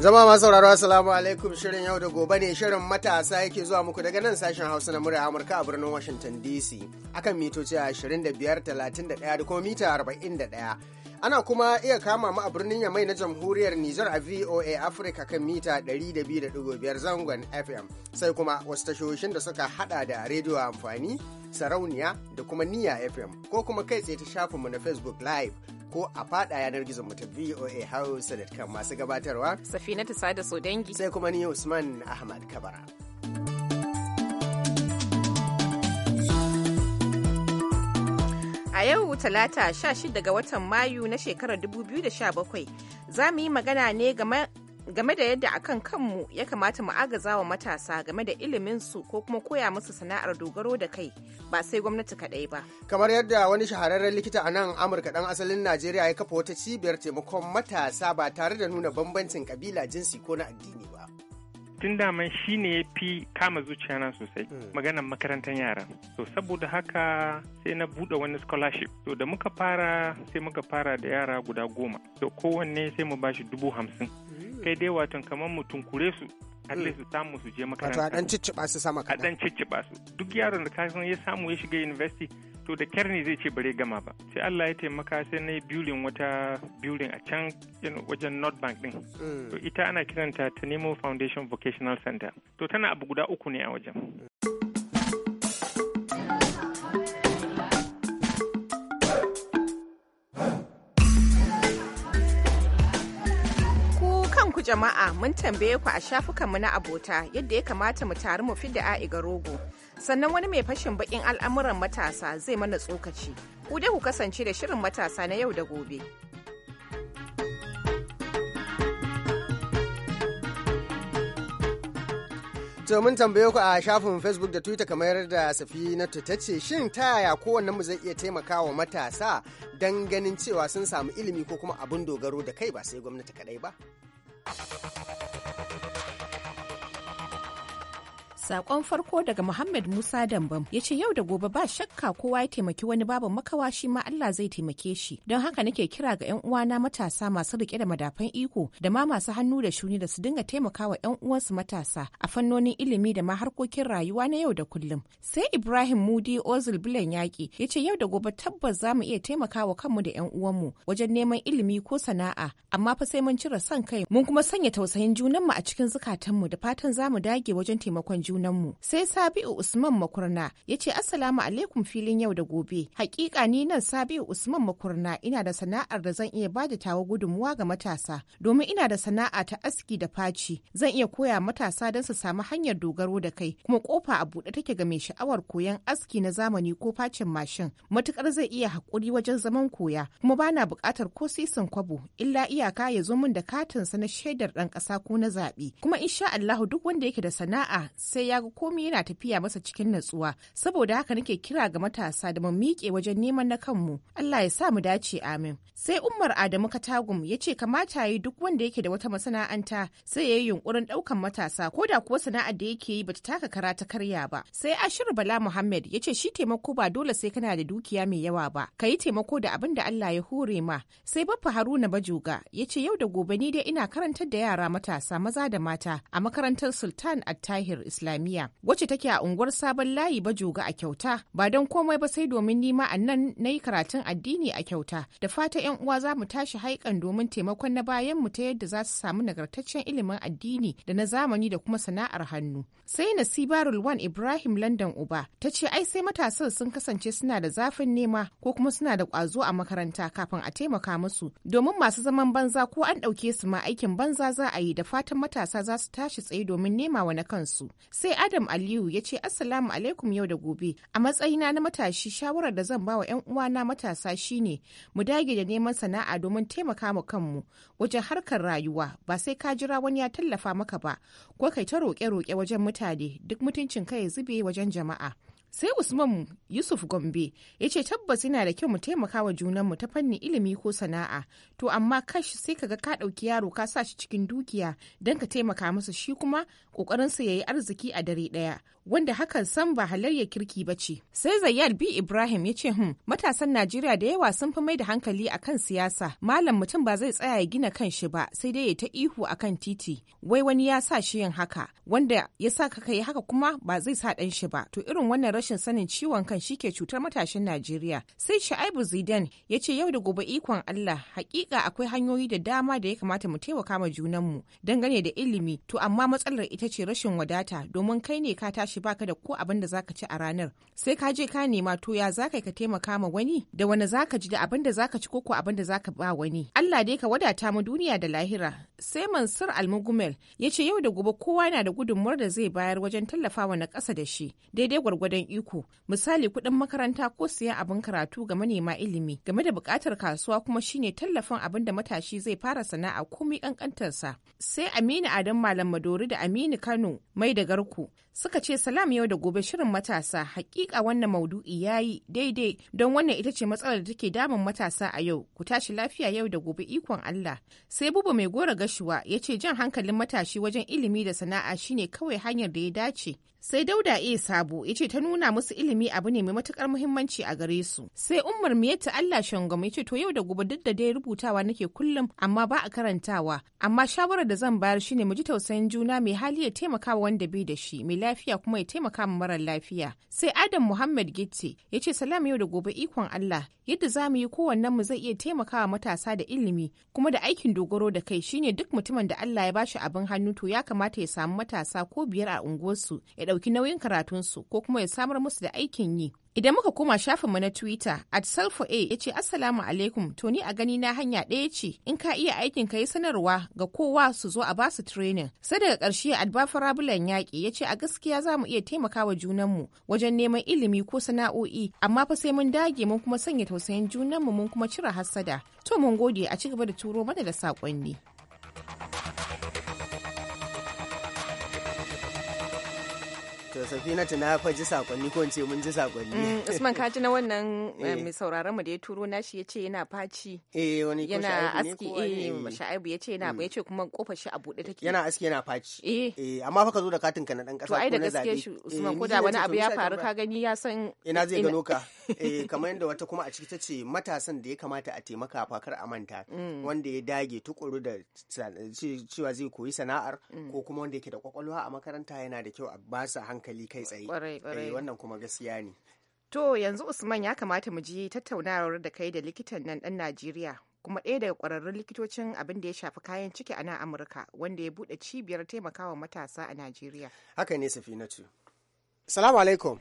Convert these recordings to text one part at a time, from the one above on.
Zama masu sauraro 'Asalamu alaikum shirin yau da gobe ne shirin matasa yake zuwa muku daga nan sashen Hausa na murya Amurka a birnin Washington DC akan mitoci 25 31 da kuma mita 41. Ana kuma iya kama mu a birnin Yamai na Jamhuriyar Nijar a VOA Africa kan mita 200.5 zangon FM sai kuma wasu tashoshin da suka hada da rediyo amfani, sarauniya da kuma niya FM ko kuma kai tsaye ta shafinmu na Facebook Live ko a fada yanar gizon mu ta VOA Hausa.com masu gabatarwa. Safina sada so dangi. Sai kuma ni Usman Ahmad Kabara. yau talata 16 ga watan Mayu na shekarar 2017 za mu yi magana ne game da yadda akan kanmu ya kamata mu agaza wa matasa game da iliminsu ko kuma koya musu sana'ar dogaro da kai ba sai gwamnati kaɗai ba. Kamar yadda wani shahararren likita a nan Amurka ɗan asalin Najeriya ya kafa wata cibiyar taimakon matasa ba tare da nuna bambancin kabila jinsi ko na addini ba. tun daman shi ne ya fi kama zuciyana sosai hmm. maganan makarantar yara to saboda haka sai na buɗe wani scholarship to da muka fara sai muka fara da yara guda goma to kowanne sai mu bashi dubu hamsin hmm. kai dai wato kamar mu tunkure su kalle su hmm. samu su je makaranta. a dan cicciba su sama kaɗan. A dan cicciba su. Duk yaron da ka san ya samu ya shiga university to da kyar zai ce bare gama ba sai Allah ya taimaka sai na yi building wata building a can wajen North Bank din mm. to ita ana kiranta ta Nemo Foundation Vocational Center to tana abu guda uku ne a wajen ku jama'a mun tambaye ku a shafukanmu na abota yadda ya kamata mu taru mu fidda a'i ga rogo sannan wani mai fashin bakin al'amuran matasa zai mana tsokaci ku dai ku kasance da shirin matasa na yau da gobe to mun tambaye ku a shafin facebook da twitter kamar da safi na ta ce shin ta yaya kowanne mu zai iya taimakawa matasa don ganin cewa sun samu ilimi ko kuma abin dogaro da kai ba sai gwamnati kadai ba Sakon farko daga Muhammad Musa Dambam ya ce yau da gobe ba shakka kowa ya taimaki wani baban makawa shi ma Allah zai taimake shi. Don haka nake kira ga 'yan uwana matasa masu rike da madafan iko da ma masu hannu da shuni da su dinga taimakawa 'yan uwansu matasa a fannonin ilimi da ma harkokin rayuwa na yau da kullum. Sai Ibrahim Mudi Ozil Bilan Yaƙi ya ce yau da gobe tabbas za mu iya taimakawa kanmu da 'yan uwanmu wajen neman ilimi ko sana'a amma fa sai mun cire son kai mun kuma sanya tausayin junanmu a cikin zukatanmu da fatan za mu dage wajen taimakon juna. sunanmu. Sai Sabi'u Usman Makurna ya ce Assalamu alaikum filin yau da gobe. Hakika ni nan Sabi'u Usman Makurna ina da sana'ar da zan iya ba da tawa gudunmuwa ga matasa domin ina da sana'a ta aski da faci. Zan iya koya matasa don su samu hanyar dogaro da kai kuma kofa a buɗe take ga mai sha'awar koyon aski na zamani ko facin mashin. Matukar zai iya haƙuri wajen zaman koya kuma bana buƙatar ko sisin kwabo illa iyaka ya zo min da katinsa na shaidar ɗan ƙasa ko na zaɓe. Kuma insha Allahu duk wanda yake da sana'a sai ya ga komai yana tafiya masa cikin natsuwa saboda haka nake kira ga matasa da mu miƙe wajen neman na kanmu Allah ya sa mu dace amin sai Umar Adamu Katagum ya ce kamata yi duk wanda yake da wata masana'anta sai ya yi yunkurin ɗaukan matasa ko da kuwa sana'ar da yake yi bata taka kara ta karya ba sai Ashir Bala Muhammad ya ce shi taimako ba dole sai kana da dukiya mai yawa ba ka yi taimako da abin da Allah ya hure ma sai Baffa Haruna Bajuga ya ce yau da gobe ni dai ina karantar da yara matasa maza da mata a makarantar Sultan Tahir Islam islamiyya wacce take a unguwar sabon layi bajoga a kyauta ba don komai ba sai domin nima a nan na yi karatun addini a kyauta da fata yan uwa za mu tashi haikan domin taimakon na bayan mu ta yadda za su samu nagartaccen ilimin addini da na zamani da kuma sana'ar hannu sai na nasiba rulwan ibrahim london uba ta ce ai sai matasan sun kasance suna da zafin nema ko kuma suna da kwazo a makaranta kafin a taimaka musu domin masu zaman banza ko an ɗauke su ma aikin banza za a yi da fatan matasa za su tashi tsaye domin nema wa na kansu sai adam aliyu ya ce assalamu alaikum yau da gobe a matsayina na matashi shawarar da zan ba wa 'yan uwana matasa shine mu dage da neman sana'a domin taimaka mu kanmu wajen harkar rayuwa ba sai ka jira wani ya tallafa maka ba ko kai ta roƙe-roƙe wajen mutane duk mutuncin kai zube wajen jama'a sai usman yusuf gombe ya ce tabbas yana da kyau mu taimaka wa junanmu ta fannin ilimi ko sana'a to amma kash sai kaga ka ɗauki yaro ka sa shi cikin dukiya don ka taimaka masa shi kuma ƙoƙarinsa ya yi arziki a dare ɗaya wanda hakan san ba halayyar kirki ba ce. Sai Zayyad bi Ibrahim ya ce, him matasan Najeriya da yawa sun fi mai da hankali akan siyasa. Malam mutum ba zai tsaya ya gina kan shi ba, sai dai ya ta ihu akan titi. Wai wani ya sa shi yin haka, wanda ya sa ka kai haka kuma ba zai sa ɗan shi ba. To irin wannan rashin sanin ciwon kan shi ke cutar matashin Najeriya. Sai Sha'ibu Zidan ya ce yau da gobe ikon Allah, hakika akwai hanyoyi da dama da ya kamata mu taimaka ma junanmu dangane da ilimi. To amma matsalar ita ce rashin wadata domin kai ne ka tashi baka da ko abin da zaka ci a ranar sai ka je ka nema to ya zaka ka taimaka ma wani da wani zaka ji da abin da zaka ci ko ko abin da zaka ba wani Allah dai ka wadata mu duniya da lahira sai Mansur Almugumel ya ce yau da gobe kowa na da gudunmuwar da zai bayar wajen tallafawa na ƙasa da shi daidai gwargwadon iko misali kuɗin makaranta ko siyan abin karatu ga manema ilimi game da buƙatar kasuwa kuma shine tallafin abin da matashi zai fara sana'a komai ƙanƙantarsa sai Aminu Adam Malam Madori da Aminu Aminu Kano mai da garku suka ce salam yau da gobe shirin matasa hakika wannan maudu'i yayi daidai don wannan ita ce matsalar da take damun matasa a yau ku tashi lafiya yau da gobe ikon Allah sai buba mai gora gashuwa ya ce jan hankalin matashi wajen ilimi da sana'a shine kawai hanyar da ya dace sai dauda e sabo ya ce ta nuna musu ilimi abu ne mai matukar muhimmanci a gare su sai umar mu yadda allah shangam ya ce to yau da gobe duk da dai rubutawa nake kullum amma ba a karantawa amma shawarar da zan bayar shine mu ji tausayin juna mai hali ya taimaka wa wanda bai da shi mai lafiya kuma ya taimaka ma mara lafiya sai adam muhammad gitti ya ce salam yau da gobe ikon allah yadda za mu yi kowannen mu zai iya taimakawa matasa da ilimi kuma da aikin dogaro da kai shine duk mutumin da allah ya bashi abin hannu to ya kamata ya samu matasa ko biyar a unguwarsu ɗauki nauyin karatunsu ko kuma ya samar musu da aikin yi. Idan muka koma shafinmu na Twitter, at Salfo A ya ce Assalamu alaikum, to ni a gani na hanya ɗaya ce, in ka iya aikin ka yi sanarwa ga kowa su zo a basu training. Sai daga ƙarshe Adba Farabulan yaƙi ya ce a gaskiya za mu iya taimakawa junanmu wajen neman ilimi ko sana'o'i, amma fa sai mun dage mun kuma sanya tausayin junanmu mun kuma cire hassada. To mun gode a ci gaba da turo mana da saƙonni. to safina na fa ji sakonni ko ce mun ji sakonni mm, usman ka ji na wannan eh, eh. mai sauraron mu da ya turo nashi yace yana faci eh wani ko yana aski eh sha'ibu ya ce yana mm. ba yace kuma kofar shi a bude take yana aski yana faci eh. eh amma fa ka zo da katin ka na dan kasa to ai da gaske shi usman ko da wani abu ya faru ka gani ya san ina zai gano ka eh kamar yadda wata kuma a ciki tace matasan da ya kamata a taimaka fa kar a manta mm. wanda ya dage tukuru da cewa zai koyi sana'ar ko kuma wanda yake da kwakwalwa a makaranta yana da kyau a basa hankali hankali kai tsaye eh, wannan kuma gaskiya ne to yanzu usman ya kamata mu ji tattaunawar da kai da likitan nan dan najeriya kuma ɗaya daga ƙwararrun likitocin abin da ya shafi kayan ciki a nan amurka wanda ya buɗe cibiyar taimakawa matasa a najeriya haka ne safinatu salamu alaikum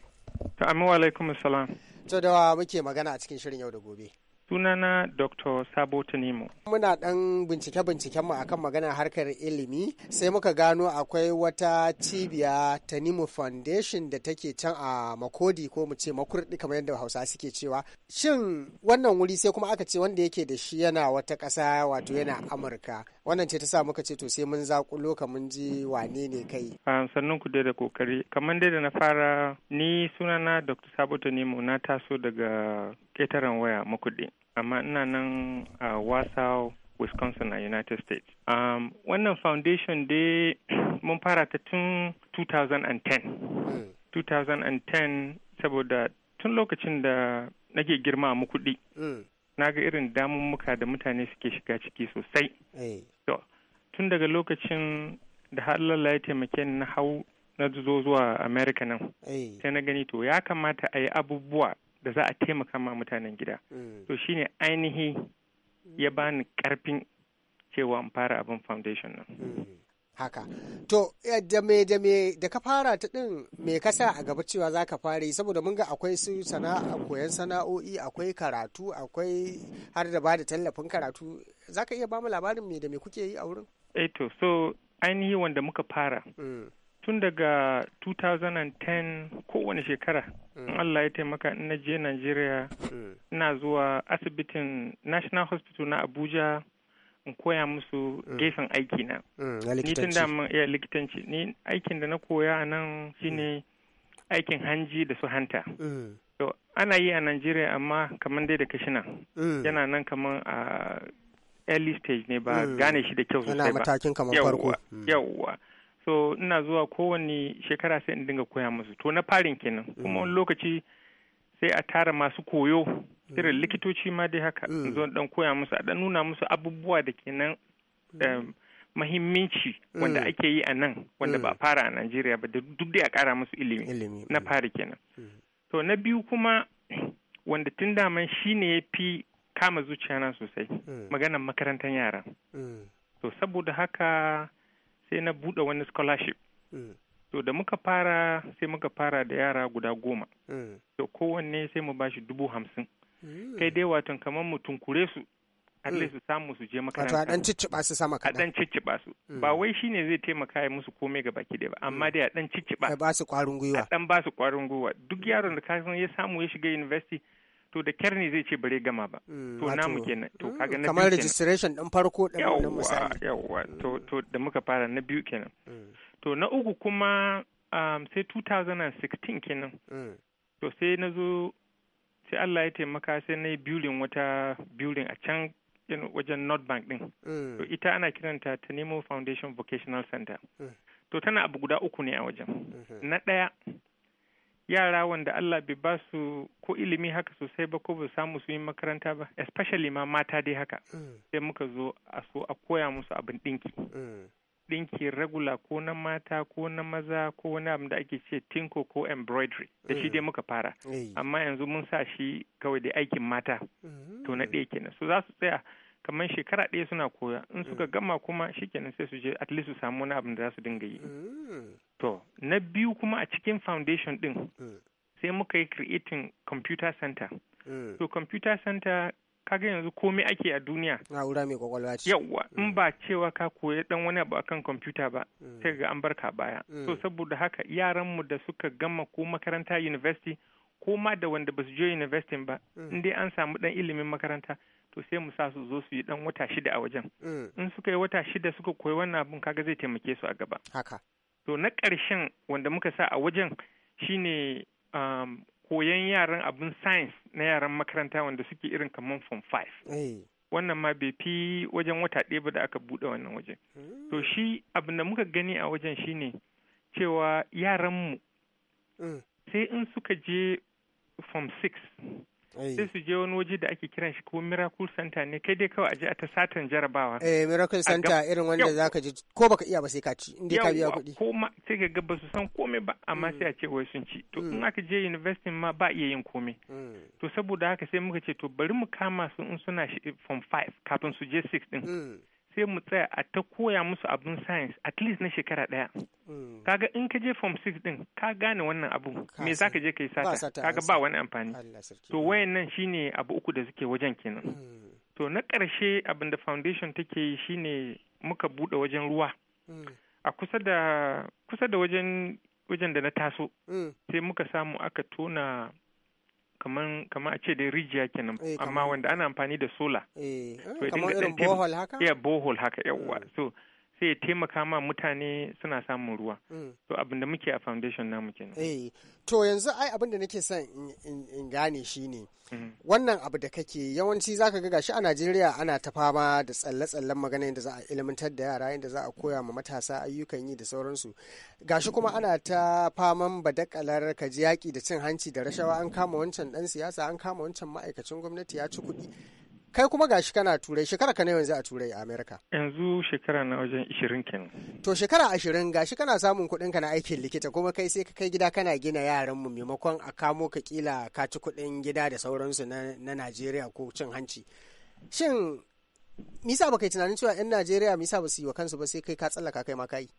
ta'amu alaikum salam to da muke magana a cikin shirin yau da gobe sunana dr sabo tunimo muna dan bincike binciken mu akan maganar harkar ilimi sai muka gano akwai wata cibiya ta nimo foundation da take can a makodi ko mu ce makurdi kamar yadda hausa suke cewa shin wannan wuri sai kuma aka ce wanda yake da shi yana wata kasa wato yana amurka wannan ce ta sa muka ce to sai mun zakulo ka mun ji wane ne kai sannan ku da kokari kamar dai da na fara ni sunana dr sabo tunimo na taso daga ƙetaren waya makuɗi amma ina nan a wasau wisconsin a united states um, wannan foundation dai mun fara ta tun 2010 2010 hmm. saboda tun lokacin da nake girma mu kuɗi hmm. na ga irin muka da mutane suke shiga ciki sosai so, eh. tun daga lokacin da har ya taimake na hau na zo zuwa america nan eh. sai na gani to ya kamata a yi abubuwa da za a taimaka ma mutanen gida mm. to shi ne ainihi ya bani karfin cewa in fara abin foundation nan mm. haka to eh, da me da me da ka fara ta ɗin me ka sa a gaba cewa za ka fara yi saboda mun ga akwai su sana'a koyan sana'o'i akwai karatu akwai har da ba da tallafin karatu za ka iya ba mu labarin me da me kuke yi a wurin eh to so ainihi wanda muka fara mm. tun daga 2010 kowane shekara mm. in Allah ya taimaka na je Najeriya mm. ina zuwa asibitin National Hospital na Abuja in koya musu mm. gefen aiki na. Ni tun da iya likitanci ni aikin da na koya a nan shine aikin hanji da su hanta. To ana yi a Najeriya amma kamar dai da kashina yana nan kamar a early stage ne ba gane shi da kyau sosai ba. Ana matakin kamar farko. Yawwa. so ina zuwa kowane shekara sai in dinga koya musu to na farin kenan mm. kuma wani lokaci sai a tara masu koyo irin mm. likitoci ma dai haka mm. zo dan koya musu a dan nuna musu abubuwa da kenan eh, mahimminci wanda ake yi a nan wanda ba fara a Najeriya ba da duk da a kara musu ilimi na fari kenan to na biyu kuma wanda tun daman shine ya fi kama zuciya zuciyana sosai maganan makarantar yara to saboda haka sai na buɗe wani scholarship mm. to da muka fara sai muka fara da yara guda goma mm. to kowanne sai mu bashi dubu hamsin mm. kai dai watan kamar mu tunkure su at least su samu su je makaranta Wato a dan cicciba su sama kaɗan a dan cicciba su ba wai shi ne zai taimaka ya musu komai ga baki ba amma dai a dan cicciba a ba su ƙwarin gwiwa a dan ba su ƙwarin gwiwa duk yaron da ka san ya samu ya shiga university to da kyar ne zai ce bare gama ba mm, to namu kenan to kaga mm, na kamar registration din farko din nan misali yawa to mm. to da muka fara na biyu kenan to na uku kuma um, sai 2016 kenan to sai na zo sai Allah ya taimaka sai na yi building wata building a can wajen North Bank din to ita ana kiranta ta Nemo Foundation Vocational Center to tana abu guda uku ne a wajen mm-hmm. na ɗaya yara wanda Allah bai ba su ko ilimi haka sosai ba ko ba samu su yi makaranta ba especially ma mata dai haka mm. sai muka zo a so a koya musu abin ɗinki mm. Ɗinkin regular ko na mata ko na maza ko wani abin da ake ce tinko ko embroidery da shi mm. dai muka fara amma yanzu mun sa shi kawai da aikin mata to na ɗaya kenan so za su tsaya kamar shekara ɗaya suna koya in suka mm. gama kuma shikenan sai su je at least su samu wani abin da za su dinga yi mm. to na biyu kuma a cikin foundation din mm. sai muka yi creating computer center to computer center kaga yanzu komai ake a duniya na'ura mai kwakwalwa ce yawa in ba cewa ka koya dan wani abu akan computer ba sai ga an barka baya so saboda haka yaran mu da suka gama ko makaranta university ko ma da wanda ba su je university ba in dai an samu dan ilimin makaranta to sai mu sa su zo su yi dan wata shida a wajen mm. in suka yi wata shida suka koyi wannan abin kaga zai taimake su a gaba haka to na ƙarshen wanda muka sa a wajen shine um, koyan yaran abin science na yaran makaranta wanda suke irin kaman form 5 eh. wannan ma bai fi wajen wata ɗaya ba da aka buɗe wannan wajen mm. to shi abin da muka gani a wajen shine cewa yaranmu mm. sai in suka je form 6 sai su je wani waje da ake kiran shi ko miracle center ne kai dai kawai aje a ta satan jarabawa eh miracle center irin wanda zaka je ko baka iya ba sai ka ci inda ka biya kuɗi ko ma sai ka ga basu san komai ba amma mm. sai a ce wai sun ci to in mm. aka je university ma ba iya yin komai mm. to saboda haka sai muka ce to bari mu kama su in suna from 5 kafin su je 6 din sai mu tsaya a ta koya musu abin science at least na shekara ɗaya. Mm. Kaga in ka je form 6 din ka gane wannan abu me za ka je ka sata kaga ba wani amfani. To wayannan shine abu uku da suke wajen kenan. Mm. To na karshe abin da foundation take yi shine muka bude wajen ruwa. Mm. A kusa da kusa da wajen wajen da na taso. Sai muka samu aka tona kaman a ce dai rijiya kenan eh, amma wanda ana amfani da sola. Eh, kamar irin bohol haka? Iya bohol haka yawwa. Eh. So sai ya taimaka ma mutane suna samun ruwa. Mm. To abin da muke a foundation namu kenan. Eh, to yanzu ai abin da nake son in gane shi ne. Mm-hmm. Wannan abu da kake yawanci zaka ga gashi a Najeriya ana ta fama da tsalle-tsallen magana yadda za a ilmantar da yara yadda za a koya ma matasa ayyukan yi da sauransu. Gashi kuma ana ta faman badakalar kaji yaki da cin hanci da rashawa an kama wancan dan siyasa an kama wancan ma'aikacin gwamnati ya ci kuɗi. kai kuma gashi kana turai shekara ka na yanzu a turai a amerika yanzu shekara na wajen ishirin kenan to shekara ashirin gashi kana samun kuɗin ka na aikin likita kuma kai sai ka kai gida kana gina yaran mu maimakon a kamo ka kila ka ci kuɗin gida da sauransu na najeriya ko cin hanci shin misa ba kai tunanin cewa 'yan najeriya misa ba su yi wa kansu ba sai kai ka tsallaka kai ma ka yi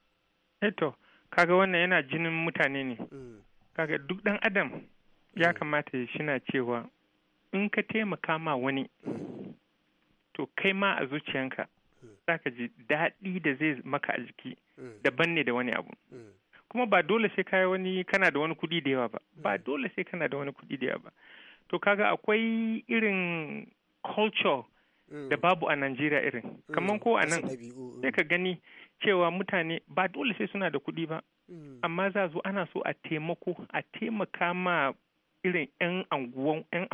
eto eh kaga wannan yana jinin mutane ne mm. kaga duk dan adam ya mm. kamata shi shina cewa in ka taimaka ma wani to kai ma a zuciyanka za ka ji daɗi da zai maka a jiki daban ne da wani abu kuma ba dole sai kayi wani kana da wani kuɗi da yawa ba ba dole sai kana da wani kuɗi da yawa ba to kaga akwai irin culture da babu a Najeriya irin kamar ko a nan sai ka gani cewa mutane ba dole sai suna da kuɗi ba amma za zo ana so a taimako a taimaka ma irin 'yan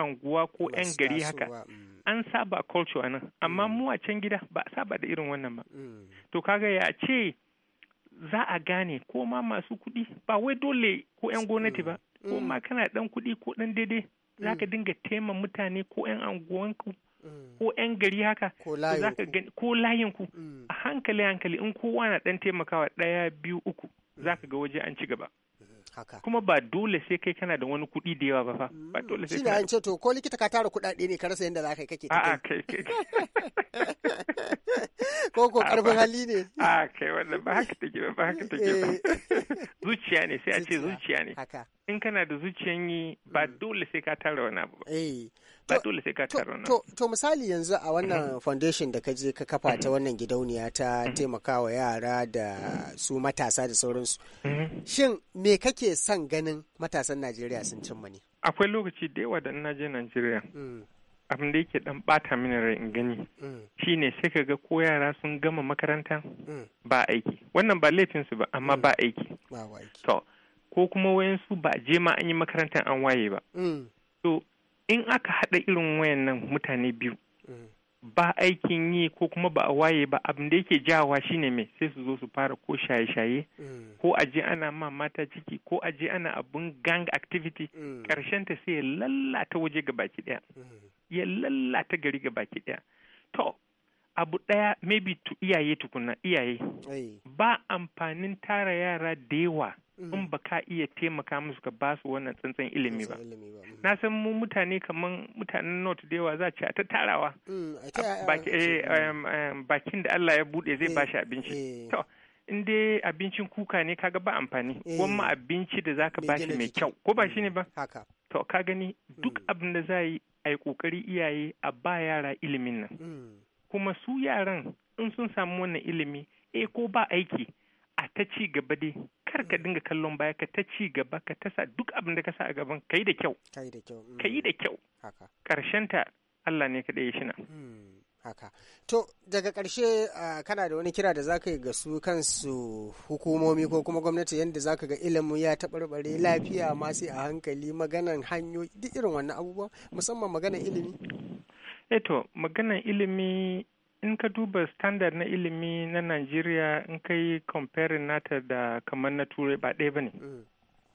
anguwa ko 'yan gari haka mm. an saba culture anan amma mm. mu a can gida ba a saba da irin wannan ba mm. to kaga ya ce za a gane ko ma masu kuɗi ba wai dole ko 'yan gwamnati ba ko ma kana ɗan kuɗi ko ɗan daidai za ka dinga tema mutane ko 'yan anguwanku ko 'yan gari haka ko layinku a hankali hankali in kowa na ɗan taimakawa ɗaya biyu uku za ka ga waje an ci gaba. haka kuma ba dole sai kai kana da wani kuɗi da yawa ba fa mm. ba dole sai kana ce to ko likita ka tara kuɗaɗe ne ka rasa yadda zaka kake A'a kai kai ko ko karfin hali ne A'a kai wannan ba haka take ba haka take ba eh. zuciya ne sai a ce zuciya ne haka in kana da zuciyan yi ba mm. dole sai ka tara wani abu ba eh, dole sai ka tara wani abu to misali yanzu a wannan mm-hmm. foundation da ka je ka kafa ta mm-hmm. wannan gidauniya ta mm-hmm. taimakawa yara da su matasa da sauransu shin me kake son ganin matasan Najeriya sun cimma ne akwai lokaci da yawa da na je Najeriya mm. abin da yake dan bata mini rai in gani mm. shine sai ka ga ko yara sun gama makaranta ba aiki wannan ba laifinsu ba amma ba aiki to ko kuma wayansu ba a je ma an yi makarantar an waye ba mm. so in aka haɗa irin wayannan mutane biyu mm. ba aikin yi ko kuma ba a waye ba abin da yake jawa shine mai sai su zo su fara ko shaye-shaye mm. ko je ana ma mata ciki ko aje ana abin gang activity karshen ta sai ya lallata waje ga baki ɗaya, ya lallata gari ga baki ɗaya, to abu ɗaya maybe tu iyaye tukuna iyaye ba amfanin tara yara da yawa in mm-hmm. ba ka iya taimaka musu ka ba su wannan tsantsan ilimi ba mm-hmm. na san mu mutane kaman mutanen north da yawa za ci a ta tarawa bakin da Allah ya buɗe zai ba eh, shi abinci eh. to in dai abincin kuka ne kaga ba amfani eh. gwamma abinci da zaka ba shi mai kyau ko ba shi ne mm, ba to ka gani duk mm. abin da za yi a yi kokari iyaye a ba yara ilimin nan mm. kuma su yaran in sun samu wannan ilimi e ko ba aiki a ta ci gaba dai kar ka mm. dinga kallon baya ka ta ci gaba ka ta sa duk abin da ka sa a gaban ka yi da kyau ka da kyau kai da kyau mm. ta Allah ne kaɗai ya shina mm. haka to daga karshe kana da wani kira da zaka ka yi ga su kansu hukumomi ko kuma gwamnati yadda zaka ga ilimi ya taɓarɓare lafiya ma sai a hankali maganan hanyoyi duk irin wannan abubuwa musamman maganan ilimi Eto, eh maganan ilimi in ka duba standard na ilimi na Najeriya in ka yi comparing nata da kamar na Turai ba ɗaya ba ne. Mm.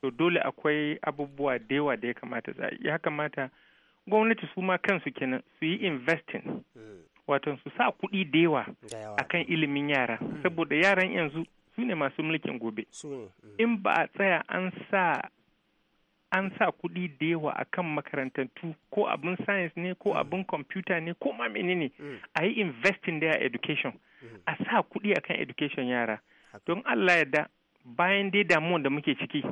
To dole akwai abubuwa da yawa da ya kamata za ya kamata gwamnati su ma kansu kenan su yi investing. Mm. Wato su sa kuɗi da yawa akan ilimin yara mm. saboda yaran yanzu su ne masu mulkin gobe. In ba a tsaya an sa an sa kuɗi da yawa a kan makarantattu ko abin science ne ko mm. abin computer ne ko ma menene mm. a yi investing da education mm. a sa kuɗi a kan education yara don allah yadda bayan dai damuwan da muke ciki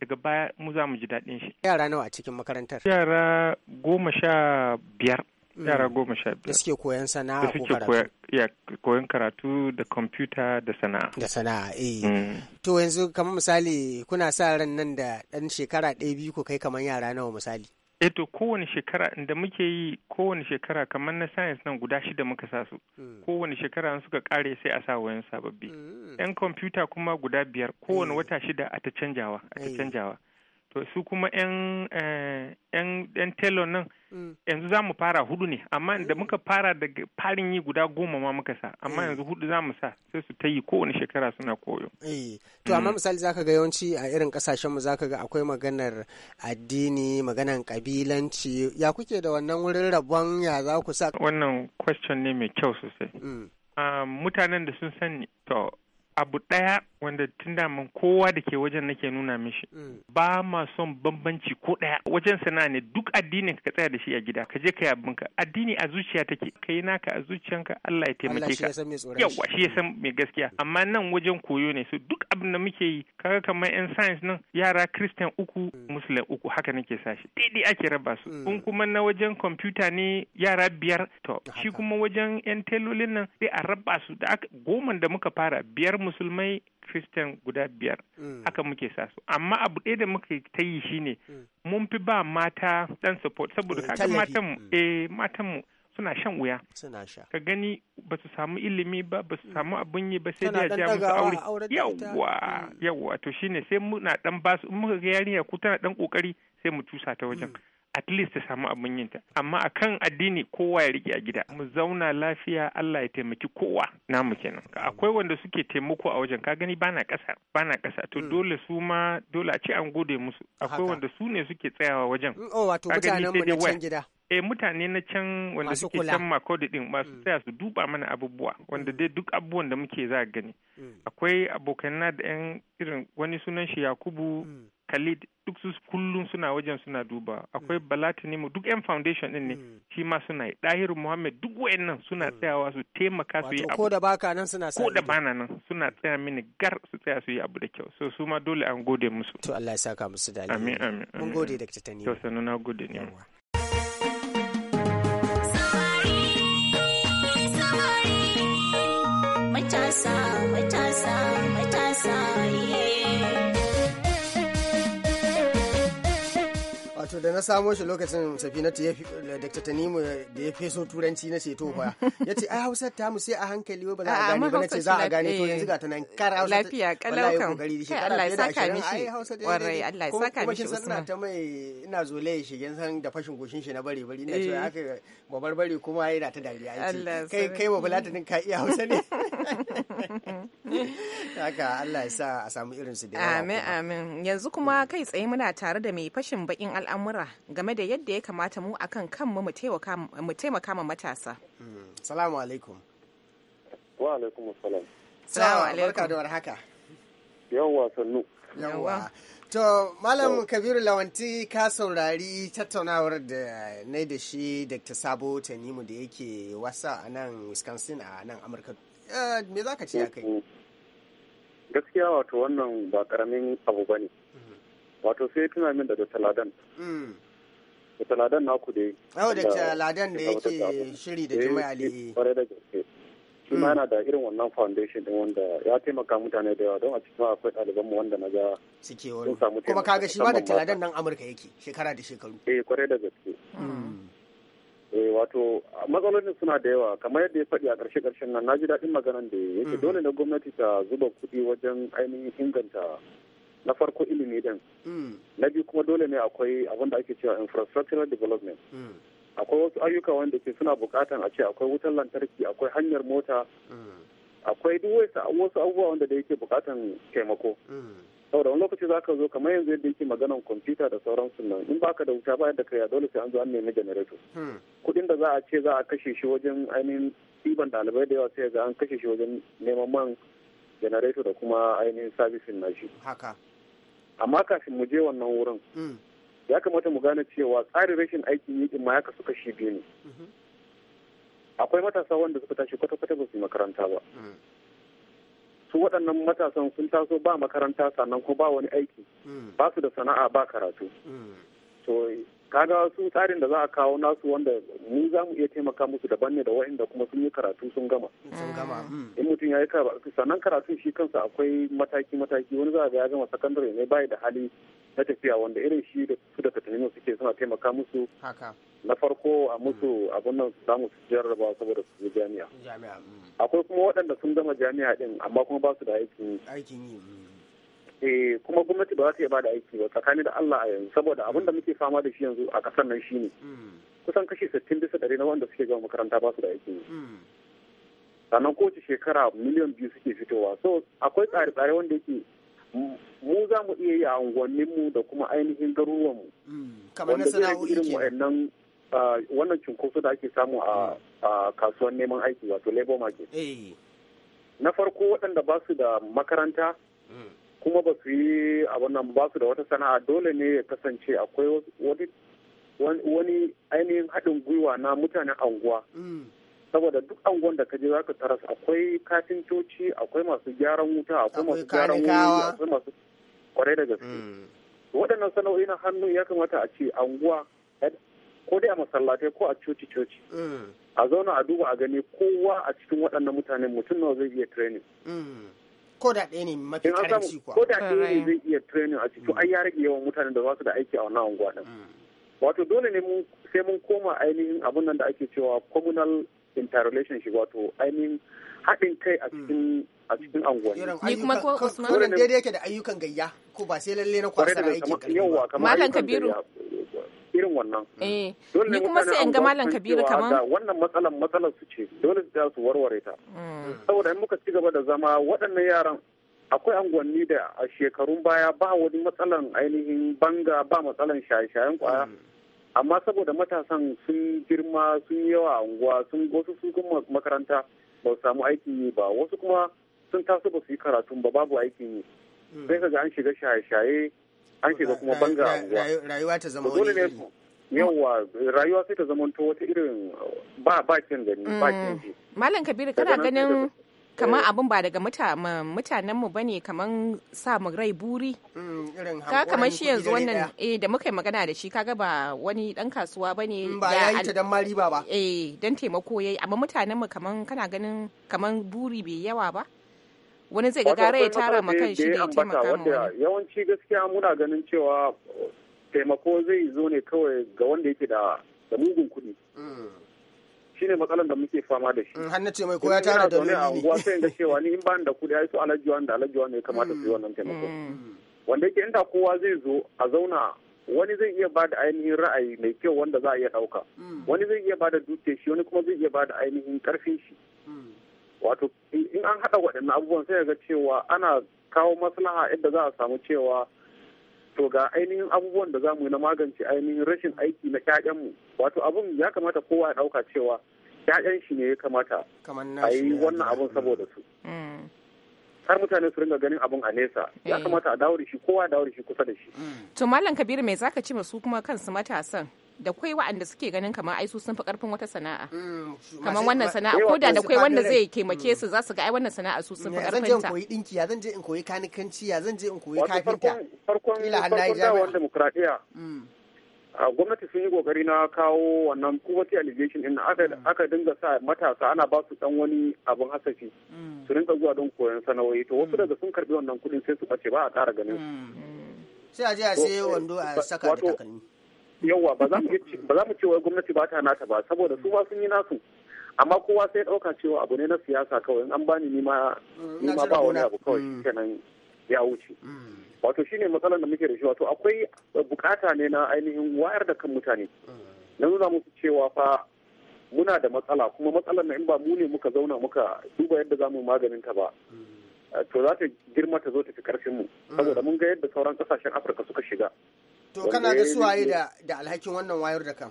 daga baya mu za mu ji daɗin shi yara nawa a cikin makarantar yara goma sha biyar Mm. yara goma sha biyar da suke koyan sana'a ko karatu ya koyan karatu da kwamfuta da sana'a da sana'a eh mm. to yanzu kamar misali kuna sa ran nan da ɗan shekara ɗaya biyu ku kai kamar yara nawa misali eh to kowane shekara da muke yi kowane shekara kamar na science nan guda shida muka sa su mm. kowane shekara na suka kare sai a sa wayan sababbi yan kwamfuta kuma guda biyar kowane eh. wata shida a ta canjawa a ta eh. canjawa to su kuma 'yan eh, telo nan mm. yanzu za mu fara hudu ne amma da mm. muka fara daga farin yi guda goma ma muka sa amma mm. yanzu hudu za mu sa sai su ta yi kowane shekara suna koyo eh, to amma misali zaka ga yawanci a irin kasashen kasashenmu zaka ga akwai maganar addini maganar kabilanci ya kuke da wannan wurin rabon ya za ku sa wannan question ne mai kyau sosai ah, mutanen da sun sani to abu ɗaya wanda tun d'a mun kowa da ke wajen nake nuna mishi mm. ba ma son bambanci ko ɗaya wajen sana'a ne duk addinin ka tsaya da shi a gida ka je ka yi abinka addini a zuciya take ka yi naka a zuciyanka Allah ya taimake ka yawa shi ya san mai gaskiya mm. amma nan wajen koyo ne su duk abin da muke yi kaga kamar yan science nan yara christian uku mm. muslim uku haka nake sa shi daidai ake raba su kun kuma na wajen computer ne yara biyar to shi kuma wajen yan telolin nan sai a raba su da goma da muka fara biyar musulmai Christian guda biyar mm. haka muke sa su amma abu ɗaya da muke ta yi shine mm. mun fi ba mata dan support saboda eh, kaga matan mu mm. eh matan mu suna shan wuya suna sha ka gani ba su samu ilimi ba ba su samu abun yi ba sai da ja musu aure yawwa yawwa to shine sai muna dan ba su muka ga yarinya ku tana dan kokari sai mu tusa ta wajen at least ta samu abin yinta amma akan addini kowa ya rike a gida mu zauna lafiya Allah ya taimaki kowa namu kenan akwai wanda suke taimako a wajen ka gani bana kasa bana kasa to hmm. dole su ma dole a ce an gode musu akwai wanda su ne suke tsayawa wajen mm, oh wato mutanen mu na can gida eh mutane na can wanda suke can makodi din masu hmm. tsaya su duba mana abubuwa wanda hmm. dai duk abubuwan da muke za gani akwai abokan na da yan irin wani sunan shi Yakubu Khalid duk su kullum suna wajen suna duba akwai mm. mu duk yan foundation din ne mm. shi ma suna yi dahiru muhammad duk wayannan suna mm. tsayawa su taimaka su yi abu ko da baka nan suna ko da bana nan suna tsaya mini gar su tsaya su yi abu da kyau so su ma dole an gode musu to Allah ya saka musu da amin amin mun gode da kitani to sanu na gode ne Matasa, matasa, matasa, da na samo shi lokacin safinatu ta tanimu da ya feso turanci na ceto to ya ce ai hausa ta mu sai a hankali ba za a gane ba na ce za a gane to yanzu ga ta nan kara hausa lafiya kalaukan Allah ya saka mishi warai Allah ya saka mishi usman kuma shi ta mai ina zolaye shi yan san da fashin goshin shi na bare bari ina ce eh. haka babar bare kuma yana ta dariya kai kai ba bulatanin ka iya hausa ne haka Allah ya sa a samu irin su da yawa amin amin yanzu kuma mm. kai tsaye muna tare da mai fashin bakin al'amura game da yadda ya kamata mu akan kanmu mu taimaka ma matasa mm. salamu alaikum wa alaikum salam salamu alaikum barka da warhaka yawwa sannu yawwa To, Malam Kabiru Lawanti ka saurari tattaunawar da na da shi Dr. Sabo Tanimu da yake wasa a nan Wisconsin a nan Amurka Eh, me za ka ce ya kai gaskiya wato wannan ba karamin abu ba ne mm-hmm. wato sai tuna min da dr ladan mm. dr ladan naku da yau dr ladan da yake shiri da eh, jima'i eh, Ali. kwarai da gaske shi ma mm. yana da irin wannan foundation din wanda ya taimaka mutane da yawa don a cikin akwai ɗaliban mu wanda na ga suke wani kuma kaga shi ma dr ladan nan amurka yake shekara da shekaru eh kware da gaske mm. eh wato matsalolin suna da yawa kamar yadda ya faɗi a ƙarshe ƙarshen nan na ji daɗin maganan da yake mm. dole ne gwamnati ta zuba kuɗi wajen ainihin inganta na farko ilimi din mm. na biyu kuma dole ne akwai abin da ake cewa infrastructural development mm. akwai wasu ayyuka wanda ke suna buƙatan a ce akwai wutar lantarki akwai hanyar mota akwai duk wasu abubuwa wanda da yake buƙatan taimako saboda wani lokaci za ka zo kamar yanzu yadda yake maganan kwamfuta da sauran nan in baka da wuta bayan da kai dole sai an zo an nemi janareto hmm. kuɗin da za a ce za a kashe shi wajen ainihin ɗiban ɗalibai da yawa sai ga an kashe shi wajen neman man janareto da kuma ainihin sabisin nashi haka amma kafin mu je wannan wurin hmm. ya kamata mu gane cewa tsarin rashin aikin yi ma ya kasu kashi biyu ne hmm. akwai matasa wanda suka tashi kwata-kwata ba su yi makaranta ba su waɗannan matasan sun taso ba makaranta sannan kuma ba wani aiki hmm. ba su da sana'a ba karatu hmm. to kaga su tsarin da za a kawo nasu wanda mu za mu iya taimaka musu daban ne da wa'inda kuma sun yi karatu sun gama ah. hmm. in mutum ya yi karatu sannan karatun shi kansa akwai mataki mataki wani za a ga ya gama sakandare ne bai da hali na tafiya wanda irin shi da su da katanino suke suna taimaka musu na farko a musu abin nan su samu jarraba saboda su jami'a mm. akwai kuma waɗanda sun gama jami'a din amma kuma ba su da aikin yi mm. eh, kuma gwamnati ba za ta iya ba da aiki ba tsakani da Allah a yanzu saboda abin da muke fama da shi yanzu a ƙasar nan shine mm. kusan kashi sittin bisa ɗari na wanda suke gama makaranta ba su da aikin yi sannan kowace shekara miliyan biyu suke fitowa so akwai tsare-tsare wanda yake mu za mu iya yi a unguwanninmu da kuma ainihin garuruwanmu. Kamar na sana'o'i kenan. wannan cunkoso da ake samu a kasuwan neman aiki wato labor market eh. na farko waɗanda ba su da makaranta hmm. kuma ba su yi a wannan ba su da wata sana'a dole ne ya kasance akwai wani ainihin haɗin gwiwa na mutanen anguwa hmm. saboda duk anguwan da ka je ka taras akwai kafintoci akwai masu gyaran wuta akwai masu gyaran wuri akwai masu kwarai da gaske hmm. waɗannan sana'o'i na hannu ya kamata a ce anguwa ko dai a masallatai ko a coci coci mm. a zauna a duba a gani kowa a cikin waɗannan mutane mutum nawa zai iya training mm. ko da ɗaya ne mafi karanci kuwa ko da ɗaya ne zai iya training a cikin ai ya rage yawan mutane da ba su da aiki a wannan unguwa din mm. wato dole ne mun sai mun koma ainihin abin nan da ake cewa communal interrelationship wato ainihin haɗin kai a cikin a cikin anguwanni. Ni kuma ko Usman daidai yake da ayyukan gayya ko ba sai lalle na kwasa aiki. gayya. Malam Kabiru irin wannan eh, dole ne kuma sai in ga malam kabiru kamar wannan matsalan matsalar su ce dole su warware ta hmm. saboda in muka ci gaba da zama waɗannan yaran akwai angwanni da a shekarun baya ba wani matsalan ainihin banga ba matsalan shaye-shayen kwaya hmm. amma saboda matasan sun girma sun yawa unguwa sun wasu sun kuma makaranta ba su samu aikin yi ba wasu kuma sun taso ba su yi karatun ba babu aikin yi hmm. sai ka ga an shiga shaye-shaye an shiga kuma banga unguwa rayuwa ta zama wani ne yawa rayuwa sai ta zama wata irin ba ba kin gani ba mm. kin malam kabiru kana ganin kamar eh. abin ba daga mutanen mu bane kamar sa mu rai buri mm, ka kamar shi yanzu wannan eh da muka yi magana da shi kaga ba wani dan kasuwa bane mm, ba ya yi ta dan ma riba ba eh dan taimako yayi amma mutanen mu kamar kana ganin kamar buri bai yawa ba wani zai ga gara ya tara ma kan shi da ya taimaka ma yawanci gaskiya muna ganin cewa taimako zai zo ne kawai ga wanda yake da mugun kuɗi mm. shine matsalar da muke fama da shi. Mm, Hanna ce mai koya tara da wani ne. wasu sai ga cewa ni in ba da kuɗi ai su alajiwa da alajiwa ne kamata su yi mm. wannan taimako. Wanda yake inda kowa zai zo a zauna wani zai iya bada ainihin ra'ayi mai kyau wanda za a iya ɗauka. Wani zai iya bada dutse shi wani kuma zai iya bada ainihin ƙarfin shi. wato in an haɗa waɗannan abubuwan sai ga cewa ana kawo maslaha yadda za a samu cewa to ga ainihin abubuwan da za mu yi na magance ainihin rashin aiki na mu wato abun ya kamata kowa ya ɗauka cewa ƴaƴan shi ne ya kamata a yi wannan abun saboda su mm. har mutane su ringa ganin abun a nesa ya mm. kamata a dawo da shi kowa ya dawo da shi kusa da shi mm. to malam kabiru me zaka ce su kuma kansu matasan da kwai wa'anda suke ganin kamar ai su sun fi karfin wata sana'a mm, kamar wannan sana'a ko da da kwai wanda zai taimake mm. su za su ga ai wannan sana'a su sun fi karfin ta zan je in koyi dinki ya zan je in koyi kanikanci ya zan je in koyi kafinta farkon ila hannaye jami'a demokradiya mm. gwamnati sun yi kokari na kawo wannan kubati allegation din aka dinga sa matasa ana ba su dan wani abun hasafi su rinka zuwa don koyon sana'o'i to wasu daga sun karbi wannan kudin sai su bace ba a kara ganin sai a je a sai eh, wando a saka da takalmi yawa ba za mu ce wai gwamnati ba ta nata ba saboda su ba sun yi nasu amma kowa sai ɗauka cewa abu ne na siyasa kawai an bani ni ma ba wani abu kawai mm. kenan ya wuce mm. wato shine matsalar da muke da shi wato akwai bukata ne na ainihin wayar da kan mutane mm. na nuna musu cewa fa muna da matsala kuma matsalar na in ba mu ne muka zauna muka duba yadda za mu maganin ta ba eh, to za ta girma ta zo ta fi karfin mu saboda mun ga yadda sauran kasashen afirka suka shiga to kana ga su da da alhakin wannan wayar da kan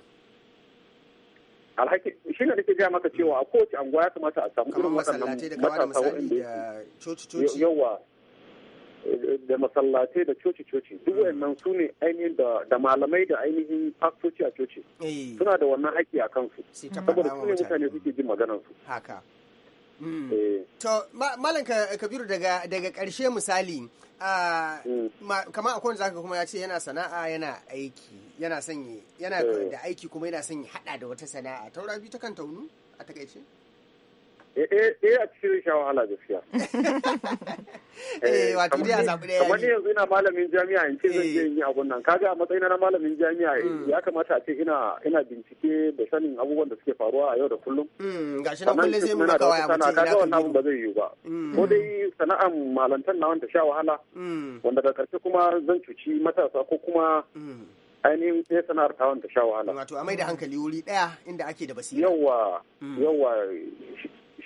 alhakin shi ne ke gaya maka cewa a kowace anguwa ya kamata a samu irin waɗannan matasa yawa da masallatai da coci-coci duk hmm. wayannan su ne ainihin da malamai da ainihin fastoci a coci eh. suna da wannan haƙƙi a kansu saboda su ne mutane suke jin su haka Mm. Eh. To, Malam Kabiru daga ƙarshe misali, ah, mm. kama akwai zaka kuma ya ce yana sana'a yana aiki, yana sanye, yana eh. da aiki kuma yana sanye hada da wata sana'a. Taura biyu ta kan taunu a takaice? Eh, eh, eh a cikin sha wahala gaskiya eh, eh wato dai a samu da kamar yanzu ina malamin jami'a in ce zan je in yi abun nan kaga a matsayina na malamin jami'a hmm. ya kamata a ce ina ina bincike da sanin abubuwan da suke faruwa a yau da kullum hmm, gashi na kullum sai mun ga waya mutum kaga wannan abun ba zai yiwu ba hmm. ko dai sana'an malantan na wanda sha wahala wanda daga karshe kuma zan cuci matasa ko kuma ainihin sai sana'ar tawon ta sha wahala. Wato a mai da hankali wuri ɗaya inda ake da basira. Yawwa, yawwa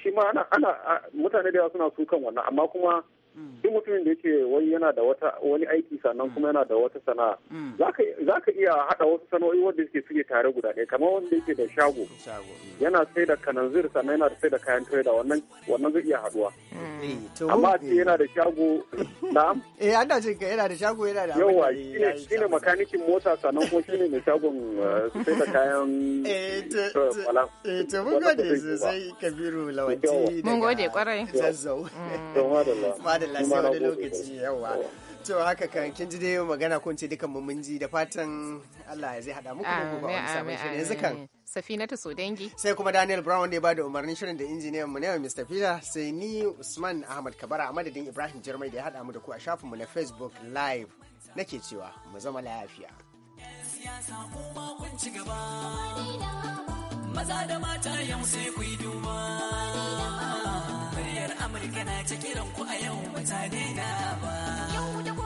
shi ma ana mutane da yawa suna sukan wannan amma kuma Mm. duk mutumin da yake wani yana da wata wani aiki sannan kuma mm. yana da wata sana'a mm. za ka iya hada wasu sana'o'i wanda suke suke tare guda ɗaya kamar wanda yake da shago yana sai da kananzir sannan yana da sai da kayan trader wannan wannan zai iya haduwa eh, amma ce yana da shago na'am eh ana ce yana da shago yana da yawa shine makanikin mota sannan kuma ne mai shagon eh, sai da kayan eh, eh to mun gode sosai kabiru lawati mun gode kwarai zazzau madalla sai wani lokaci yawa to haka kan kin ji dai magana kun ce dukan mun ji da fatan Allah ya zai hada muku da gobe wani sabon shirin yanzu kan ta Sodangi sai kuma Daniel Brown wanda ya bada umarnin shirin da injiniyan mu ne Mr. Peter sai ni Usman Ahmad Kabara a madadin Ibrahim Jarmai da ya hada mu da ku a shafin mu na Facebook live nake cewa mu zama lafiya Maza da mata yau sai ku yi duba. Muryar Amurka na ta kiran ku a yau mutane na ba. Yau da